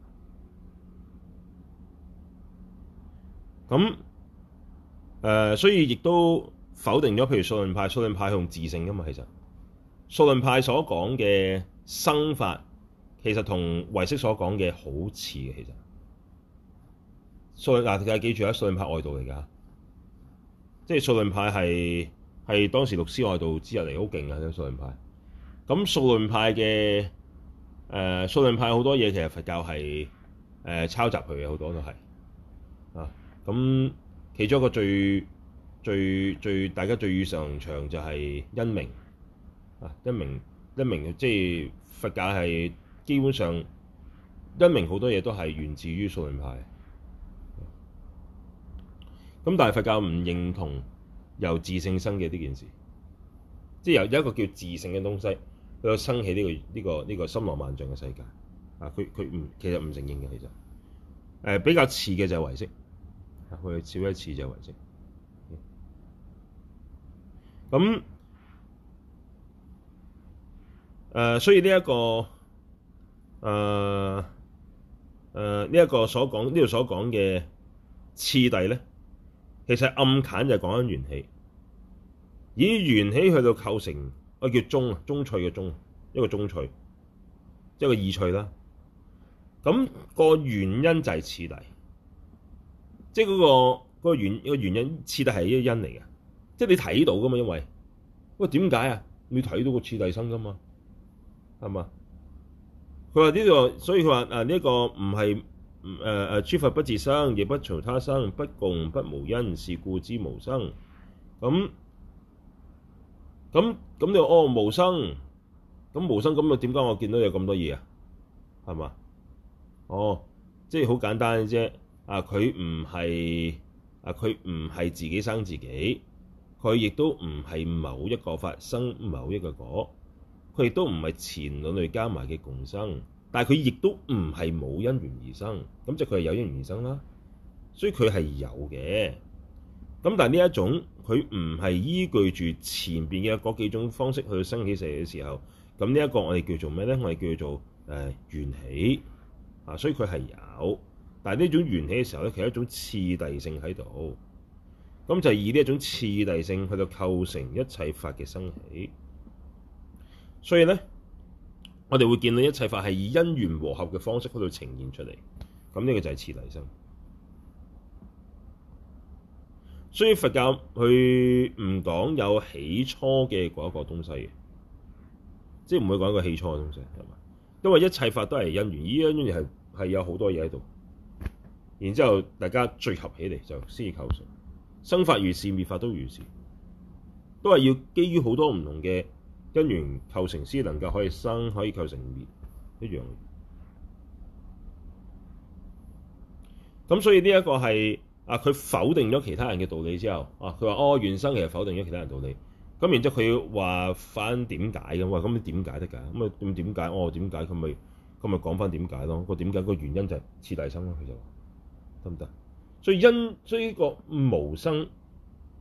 咁誒、呃，所以亦都否定咗。譬如數論派，數論派用自性噶嘛，其實數論派所講嘅生法，其實同唯識所講嘅好似嘅。其實數論，大家記住喺數論派外道嚟噶，即係數論派係係當時六師外道之一嚟，好勁嘅數論派。咁數論派嘅誒，數論派好多嘢，其實佛教係誒、呃、抄襲佢嘅，好多都係啊。咁其中一個最最最大家最與上長就係因明啊！因明、因明即係、就是、佛教係基本上因明好多嘢都係源自於數論派。咁但係佛教唔認同由自性生嘅呢件事，即係由有一個叫自性嘅東西去生起呢、這個呢、這個呢、這個這個心羅萬象嘅世界啊！佢佢唔其實唔承認嘅，其實誒、呃、比較似嘅就係唯識。去照一次就為止。咁、嗯、誒、嗯呃，所以呢、這、一個誒誒呢一個所講呢度所講嘅次第咧，其實暗㗎就係、是、講緊緣起，以緣起去到構成個、呃、叫中，啊鍾翠嘅中，一個中翠，一個二翠啦。咁、嗯、個原因就係次第。即係、嗰、嗰、個嗰個原、嗰個、原因，次第係一個因嚟嘅。即係你睇到㗎嘛，因為喂點解啊？你睇到個次第生㗎嘛，係嘛？佢話呢個，所以佢話啊呢、呢個唔係唔誒諸佛不自生，亦不從他生，不共不無因，是故之無生。咁咁咁就哦無生，咁、嗯、無生咁又點解我見到有咁多嘢啊？係嘛？哦，即係好簡單嘅啫。啊！佢唔係啊！佢唔係自己生自己，佢亦都唔係某一個發生某一個果，佢亦都唔係前兩類加埋嘅共生，但佢亦都唔係冇因緣而生，咁即係佢係有因緣而生啦。所以佢係有嘅。咁但呢一種佢唔係依據住前邊嘅嗰幾種方式去生起嚟嘅時候，咁呢一個我哋叫做咩咧？我哋叫做誒、呃、緣起啊！所以佢係有。但係呢種緣起嘅時候咧，其實一種次第性喺度，咁就係以呢一種次第性去到構成一切法嘅生起。所以咧，我哋會見到一切法係以因緣和合嘅方式去到呈現出嚟。咁呢個就係次第性。所以佛教佢唔講有起初嘅嗰一個東西嘅，即係唔會講一個起初嘅東西係嘛，因為一切法都係因緣，依因緣係係有好多嘢喺度。然之後，大家聚合起嚟就先至構成生法如是，滅法都如是，都係要基於好多唔同嘅根源構成的，先能夠可以生，可以構成滅一樣。咁所以呢一個係啊，佢否定咗其他人嘅道理之後啊，佢話哦，原生其實否定咗其他人的道理。咁然之後佢要話翻點解，咁我話咁你點解得㗎？咁啊咁點解？哦，點解佢咪佢咪講翻點解咯？個點解個原因就係次第生咯，佢就。得唔得？所以因，所以呢個無生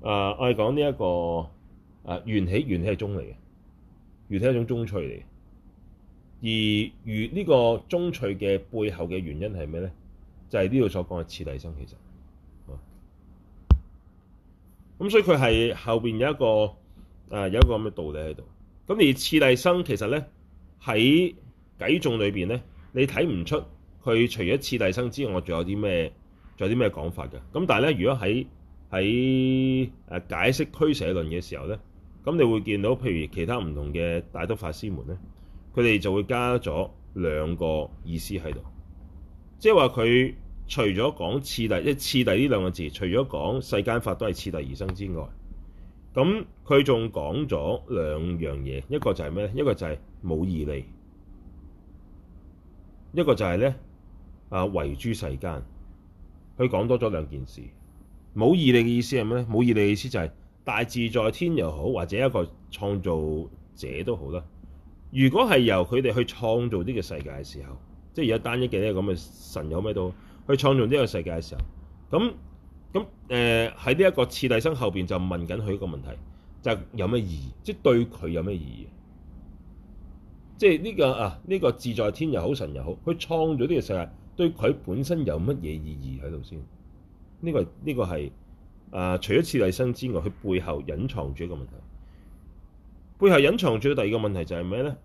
啊、呃，我哋講呢一個啊、呃、緣起，緣起係宗嚟嘅，緣起係一種宗趣嚟嘅。而與呢個宗趣嘅背後嘅原因係咩咧？就係呢度所講嘅次第生，其實咁、嗯、所以佢係後邊有一個啊、呃、有一個咁嘅道理喺度。咁而次第生其實咧喺偈眾裏邊咧，你睇唔出佢除咗次第生之外，仲有啲咩？仲有啲咩講法嘅？咁但係咧，如果喺喺誒解釋俱舍論嘅時候咧，咁你會見到，譬如其他唔同嘅大德法師們呢們咧，佢哋就會加咗兩個意思喺度，即係話佢除咗講次第，次第呢兩個字，除咗講世間法都係次第而生之外，咁佢仲講咗兩樣嘢，一個就係咩咧？一個就係冇義利」，一個就係咧啊，違諸世間。佢講多咗兩件事，冇意義嘅意思係咩咧？冇意義嘅意思就係、是、大自在天又好，或者一個創造者都好啦。如果係由佢哋去創造呢個世界嘅時候，即係而家單一嘅呢個咁嘅神有喺度去創造呢個世界嘅時候，咁咁誒喺呢一個次第生後面就問緊佢一個問題，就係、是、有咩意義、就是？即係對佢有咩意義？即係呢個啊，呢、這個自在天又好，神又好，去創造呢個世界。對佢本身有乜嘢意義喺度先？呢、這個呢、這個係啊，除咗次第生之外，佢背後隱藏住一個問題。背後隱藏住嘅第二個問題就係咩咧？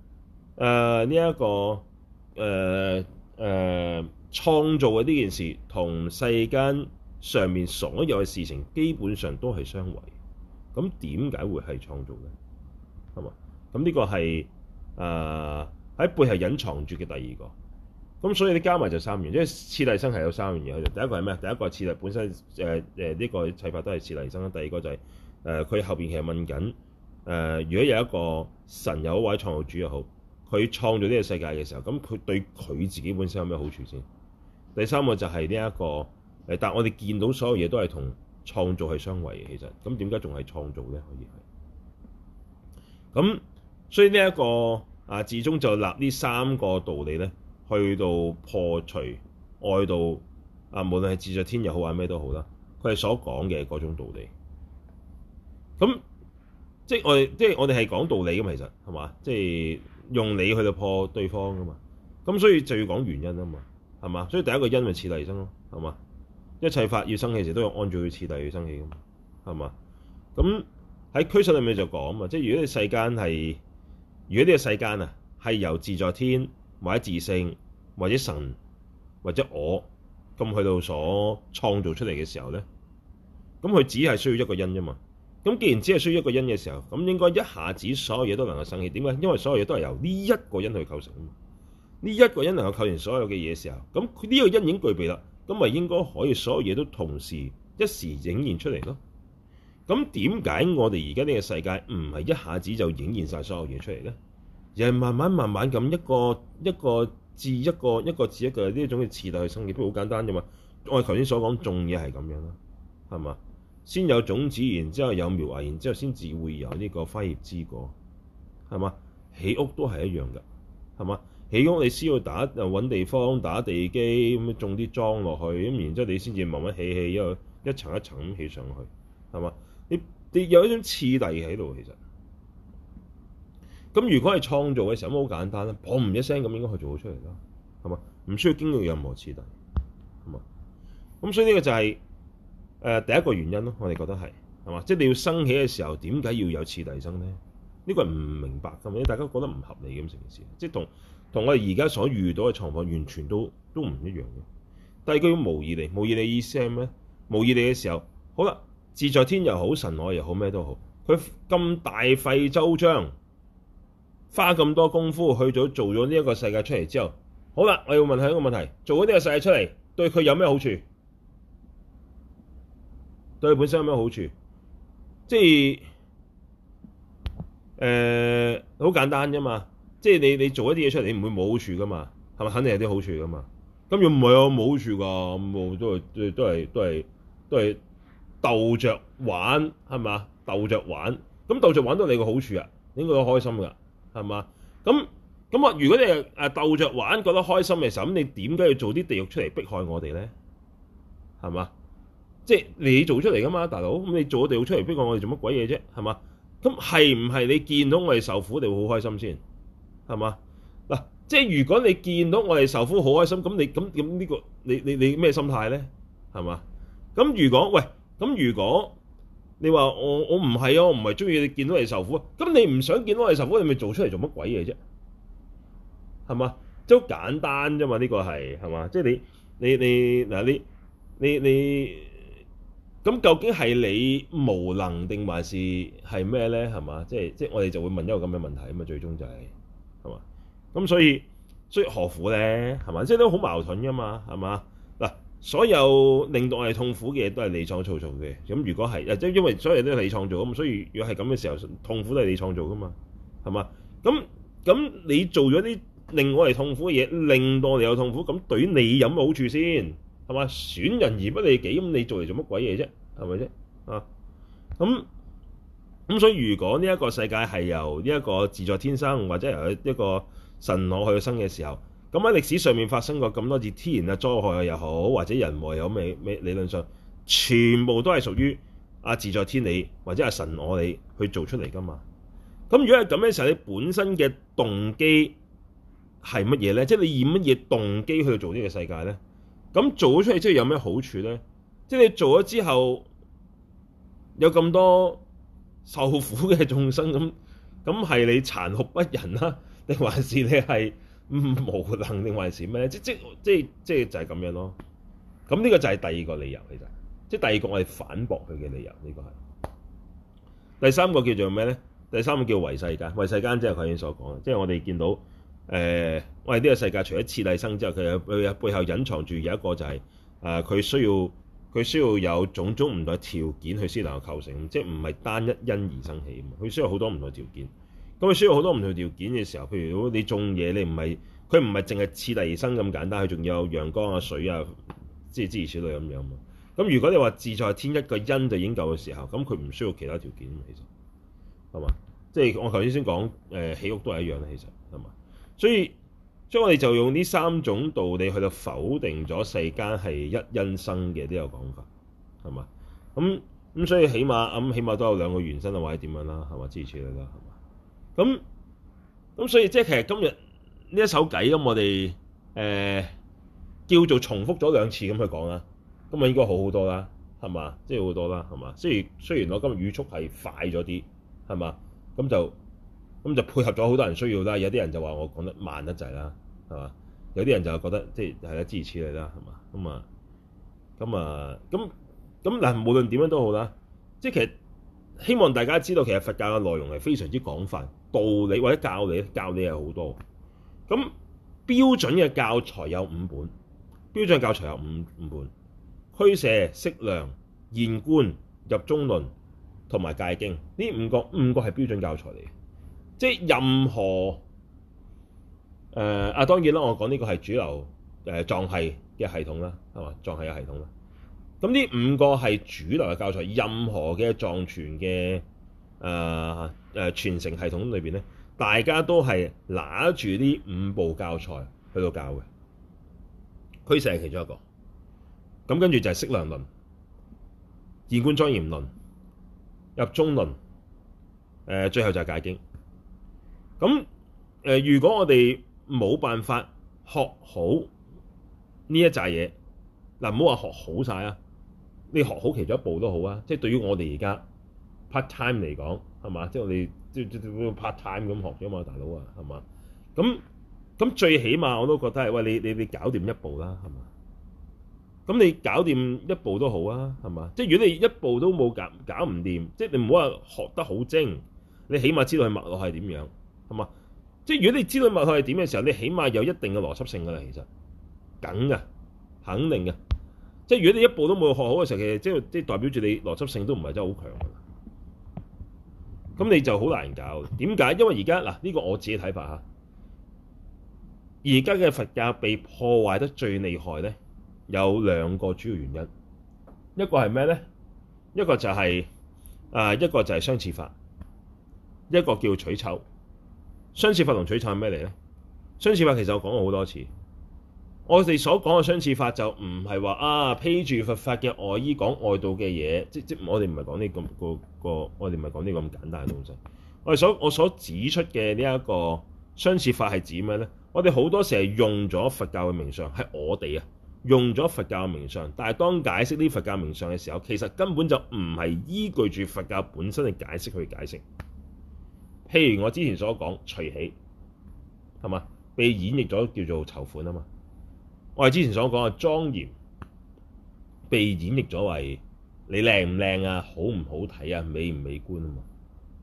誒呢一個誒誒、呃呃、創造嘅呢件事，同世間上面所有嘅事情基本上都係相違。咁點解會係創造呢？係嘛？咁、嗯、呢、這個係啊喺背後隱藏住嘅第二個。咁所以你加埋就三樣，即係次第生係有三樣嘢。第一個係咩？第一個次第本身呢、呃這個睇法都係次第生。第二個就係、是、佢、呃、後面，其實問緊、呃、如果有一個神有位創造主又好，佢創造呢個世界嘅時候，咁佢對佢自己本身有咩好處先？第三個就係呢一個但我哋見到所有嘢都係同創造係相違嘅，其實咁點解仲係創造咧？可以係咁，所以呢、這、一個啊，自宗就立呢三個道理咧。去到破除外道，啊，無論係自在天又好，還咩都好啦，佢係所講嘅嗰種道理。咁即係我哋，即係我哋係講道理咁，其實係嘛？即係用理去到破對方噶嘛。咁所以就要講原因啊嘛，係嘛？所以第一個因咪次第生咯，係嘛？一切法要生起時，都要按照佢次第去生起噶嘛，係嘛？咁喺趨勢裏面就講啊嘛，即係如果你世間係，如果呢個世間啊係由自在天。或者自性，或者神，或者我，咁去到所創造出嚟嘅時候咧，咁佢只係需要一個因啫嘛。咁既然只係需要一個因嘅時候，咁應該一下子所有嘢都能夠生起。點解？因為所有嘢都係由呢一個因去構成啊嘛。呢一個因能夠構成所有嘅嘢嘅時候，咁佢呢個因已經具備啦，咁咪應該可以所有嘢都同時一時影現出嚟咯。咁點解我哋而家呢個世界唔係一下子就影現晒所有嘢出嚟咧？又慢慢慢慢咁一個一個字一個一個字一個啲，一個一個一個種嘅次第去生嘅，不過好簡單啫嘛。我哋頭先所講種嘢係咁樣啦，係嘛？先有種子，然之後有苗啊，然之後先至會有呢個花葉枝果，係嘛？起屋都係一樣嘅，係嘛？起屋你先要打搵地方打地基，咁種啲樁落去，咁然之後你先至慢慢起起，因為一層一層咁起上去，係嘛？你你有一種次第喺度，其實。咁如果係創造嘅時候，咁好簡單啦，唔一聲咁應該係做到出嚟啦，係嘛？唔需要經歷任何次第，係嘛？咁所以呢個就係、是、誒、呃、第一個原因咯。我哋覺得係係嘛？即係、就是、你要生起嘅時候，點解要有次第生咧？呢、這個唔明白㗎嘛？大家覺得唔合理咁成件事，即係同同我哋而家所遇到嘅狀況完全都都唔一樣嘅。但係佢無疑你無疑你意思係咩？無疑你嘅時候，好啦，自在天又好，神愛又好，咩都好，佢咁大費周章。花咁多功夫去咗做咗呢一個世界出嚟之後，好啦，我要問下一個問題：做咗呢個世界出嚟對佢有咩好處？對佢本身有咩好處？即係誒好簡單啫嘛！即係你你做一啲嘢出嚟，你唔會冇好處噶嘛？係咪？肯定有啲好處噶嘛？咁又唔係我冇好處㗎，冇都係都都係都係都係鬥着玩，係咪？鬥着玩咁鬥着玩都係你個好處啊！應該都開心㗎。係嘛？咁咁我如果你誒、啊、鬥着玩，覺得開心嘅時候，咁你點解要做啲地獄出嚟迫害我哋咧？係嘛？即係你做出嚟噶嘛，大佬，咁你做咗地獄出嚟迫害我哋做乜鬼嘢啫？係嘛？咁係唔係你見到我哋受苦，你會好開心先？係嘛？嗱、啊，即係如果你見到我哋受苦好開心，咁你咁咁呢個你你你咩心態咧？係嘛？咁如果喂，咁如果？你話我我唔係啊，我唔係中意見到你受苦。咁你唔想見到你受苦，你咪做出嚟做乜鬼嘢啫？係嘛？即係好簡單啫嘛。呢個係係嘛？即係你你你嗱你你你咁究竟係你無能定還是係咩咧？係嘛？即係即係我哋就會問一個咁嘅問題啊嘛。最終就係係嘛？咁所以所以何苦咧？係嘛？即係都好矛盾噶嘛，係嘛。所有令到我哋痛苦嘅嘢都係你創造做嘅，咁如果係，啊即係因為所有嘢都係你創造咁，所以如果係咁嘅時候，痛苦都係你創造噶嘛，係嘛？咁咁你做咗啲令我哋痛苦嘅嘢，令到你有痛苦，咁對你有冇好處先？係嘛？損人而不利己，咁你做嚟做乜鬼嘢啫？係咪啫？啊，咁咁所以如果呢一個世界係由呢一個自在天生，或者由一個神我去生嘅時候。咁喺歷史上面發生過咁多次天然嘅災害又好，或者人為又好，咩咩理論上全部都係屬於阿自在天理，或者啊神我哋去做出嚟噶嘛？咁如果係咁嘅時候，你本身嘅動機係乜嘢咧？即係你以乜嘢動機去做呢個世界咧？咁做咗出嚟之後有咩好處咧？即係你做咗之後有咁多受苦嘅眾生，咁咁係你殘酷不仁啦？定還是你係？嗯， 無能定還是咩咧？即即即即就係咁樣咯。咁呢個就係第二個理由其實，即第二個我哋反駁佢嘅理由呢、呢個係。第三個叫做咩咧？第三個叫為世間，為世間即係頭先所講嘅，即係我哋見到誒、呃，我哋呢個世界除咗次第生之外，佢有背後隱藏住有一個就係、是、誒，佢、呃、需要佢需要有種種唔同條件去先能夠構成，即唔係單一因而生起，佢需要好多唔同條件。咁你需要好多唔同的條件嘅時候，譬如如果你種嘢，你唔係佢唔係淨係次第生咁簡單，佢仲有陽光啊、水啊，即係諸如此類咁樣嘛。咁如果你話自在天一個因就已經夠嘅時候，咁佢唔需要其他條件其實係嘛，即係、就是、我頭先先講誒起屋都係一樣啦。其實係嘛，所以所以我哋就用呢三種道理去到否定咗世間係一因生嘅呢、這個講法係嘛咁咁，所以起碼咁、嗯、起碼都有兩個原生啊，或者點樣啦，係嘛諸如此類啦。咁咁所以即係其實今日呢一首偈咁，我哋誒、呃、叫做重複咗兩次咁去講啦，咁啊應該好好多啦，係嘛，即係好多啦，係嘛。雖然雖然我今日語速係快咗啲，係嘛，咁就咁就配合咗好多人需要啦。有啲人就話我講得慢得滯啦，係嘛。有啲人就覺得即係係啦，支持你啦，係嘛。咁啊咁啊咁咁嗱，無論點樣都好啦，即係其實希望大家知道，其實佛教嘅內容係非常之廣泛。道理或者教理，教理係好多。咁標準嘅教材有五本，標準教材有五五本：俱舍、釋量、現觀、入中論同埋戒經。呢五個五個係標準教材嚟嘅，即係任何誒啊、呃、當然啦，我講呢個係主流誒、呃、藏系嘅系統啦，係嘛藏系嘅系統啦。咁呢五個係主流嘅教材，任何嘅藏傳嘅誒。呃誒傳承系統裏邊咧，大家都係拿住呢五部教材去到教嘅，俱舍係其中一個。咁跟住就係釋量論、現觀莊嚴論、入中論，誒最後就係解經。咁誒如果我哋冇辦法學好呢一紮嘢，嗱唔好話學好晒啊，你學好其中一步都好啊，即係對於我哋而家。part time 嚟講係嘛，即係、就是、我哋即係即 part time 咁學咗嘛，大佬啊係嘛，咁咁最起碼我都覺得係喂，你你你搞掂一步啦係嘛，咁你搞掂一步都好啊係嘛，即係、就是、如果你一步都冇搞搞唔掂，即、就、係、是、你唔好話學得好精，你起碼知道佢脈絡係點樣係嘛，即係、就是、如果你知道你脈絡係點嘅時候，你起碼有一定嘅邏輯性㗎啦，其實梗㗎，肯定㗎，即、就、係、是、如果你一步都冇學好嘅時候，其實即係即係代表住你邏輯性都唔係真係好強。咁你就好難搞，點解？因為而家嗱，呢個我自己睇法吓，而家嘅佛教被破壞得最厲害咧，有兩個主要原因。一個係咩咧？一個就係、是呃、一個就係相似法，一個叫取抽。相似法同取抽係咩嚟咧？相似法其實我講過好多次。我哋所講嘅相似法就唔係話啊披住佛法嘅外衣講外道嘅嘢。即即我哋唔係講呢個，我哋唔係講呢咁簡單嘅東西。我哋所，我所指出嘅呢一個相似法係指咩咧？我哋好多時係用咗佛教嘅名相，係我哋啊用咗佛教嘅名相，但係當解釋呢佛教名相嘅時候，其實根本就唔係依據住佛教本身嘅解釋去解釋。譬如我之前所講，隨喜係嘛被演繹咗叫做籌款啊嘛。我哋之前所講嘅莊嚴被演繹咗為你靚唔靚啊？好唔好睇啊？美唔美觀啊？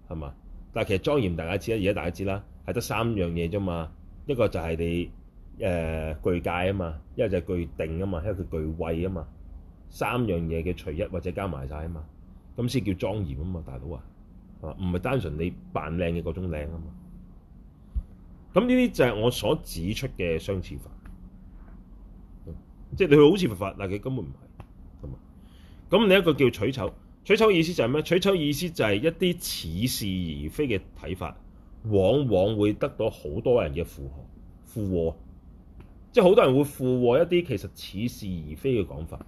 係嘛？但係其實莊嚴大家知啦，而家大家知啦，係得三樣嘢啫嘛。一個就係你誒具、呃、戒啊嘛，一個就係具定啊嘛，一個佢具、啊、威啊嘛。三樣嘢嘅隨一或者加埋晒啊嘛，咁先叫莊嚴啊嘛，大佬啊，係嘛？唔係單純你扮靚嘅嗰種靚啊嘛。咁呢啲就係我所指出嘅相似法。即係你佢好似佛法，但佢根本唔係咁啊。咁你一個叫取籌，取籌意思就係咩？取籌意思就係一啲似是而非嘅睇法，往往會得到好多人嘅附和附和，即係好多人會附和一啲其實似是而非嘅講法。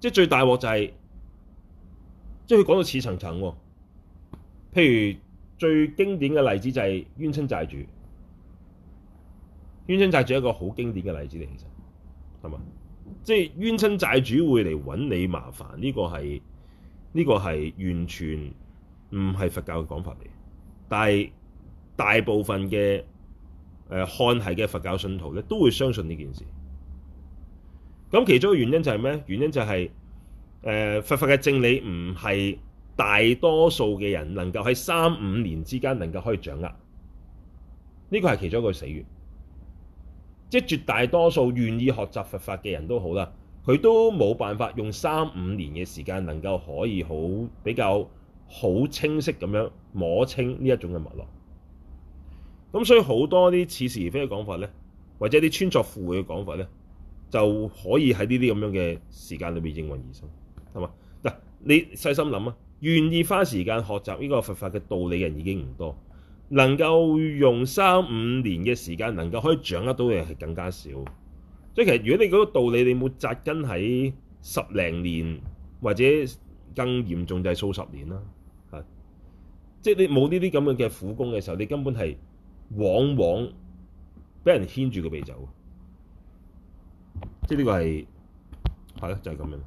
即係最大鑊就係、是，即係佢講到似層層喎。譬如最經典嘅例子就係冤親債主，冤親債主一個好經典嘅例子嚟嘅。係嘛？即係冤親債主會嚟揾你麻煩，呢、這個係呢、這個係完全唔係佛教嘅講法嚟。但係大部分嘅誒漢系嘅佛教信徒咧，都會相信呢件事。咁其中嘅原因就係咩？原因就係、是、誒、呃、佛法嘅正理唔係大多數嘅人能夠喺三五年之間能夠可以掌握。呢、這個係其中一個死穴。即係絕大多數願意學習佛法嘅人都好啦，佢都冇辦法用三五年嘅時間能夠可以好比較好清晰咁樣摸清呢一種嘅脈絡。咁所以好多啲似是而非嘅講法咧，或者啲穿鑿附會嘅講法咧，就可以喺呢啲咁樣嘅時間裏面應運而生，係嘛？嗱，你細心諗啊，願意花時間學習呢個佛法嘅道理嘅人已經唔多。能夠用三五年嘅時間，能夠可以掌握到嘅係更加少。即係其實如果你嗰個道理你冇紮根喺十零年，或者更嚴重就係數十年啦，嚇！即係你冇呢啲咁樣嘅苦功嘅時候，你根本係往往俾人牽住個鼻走。即係呢個係係咯，就係咁樣。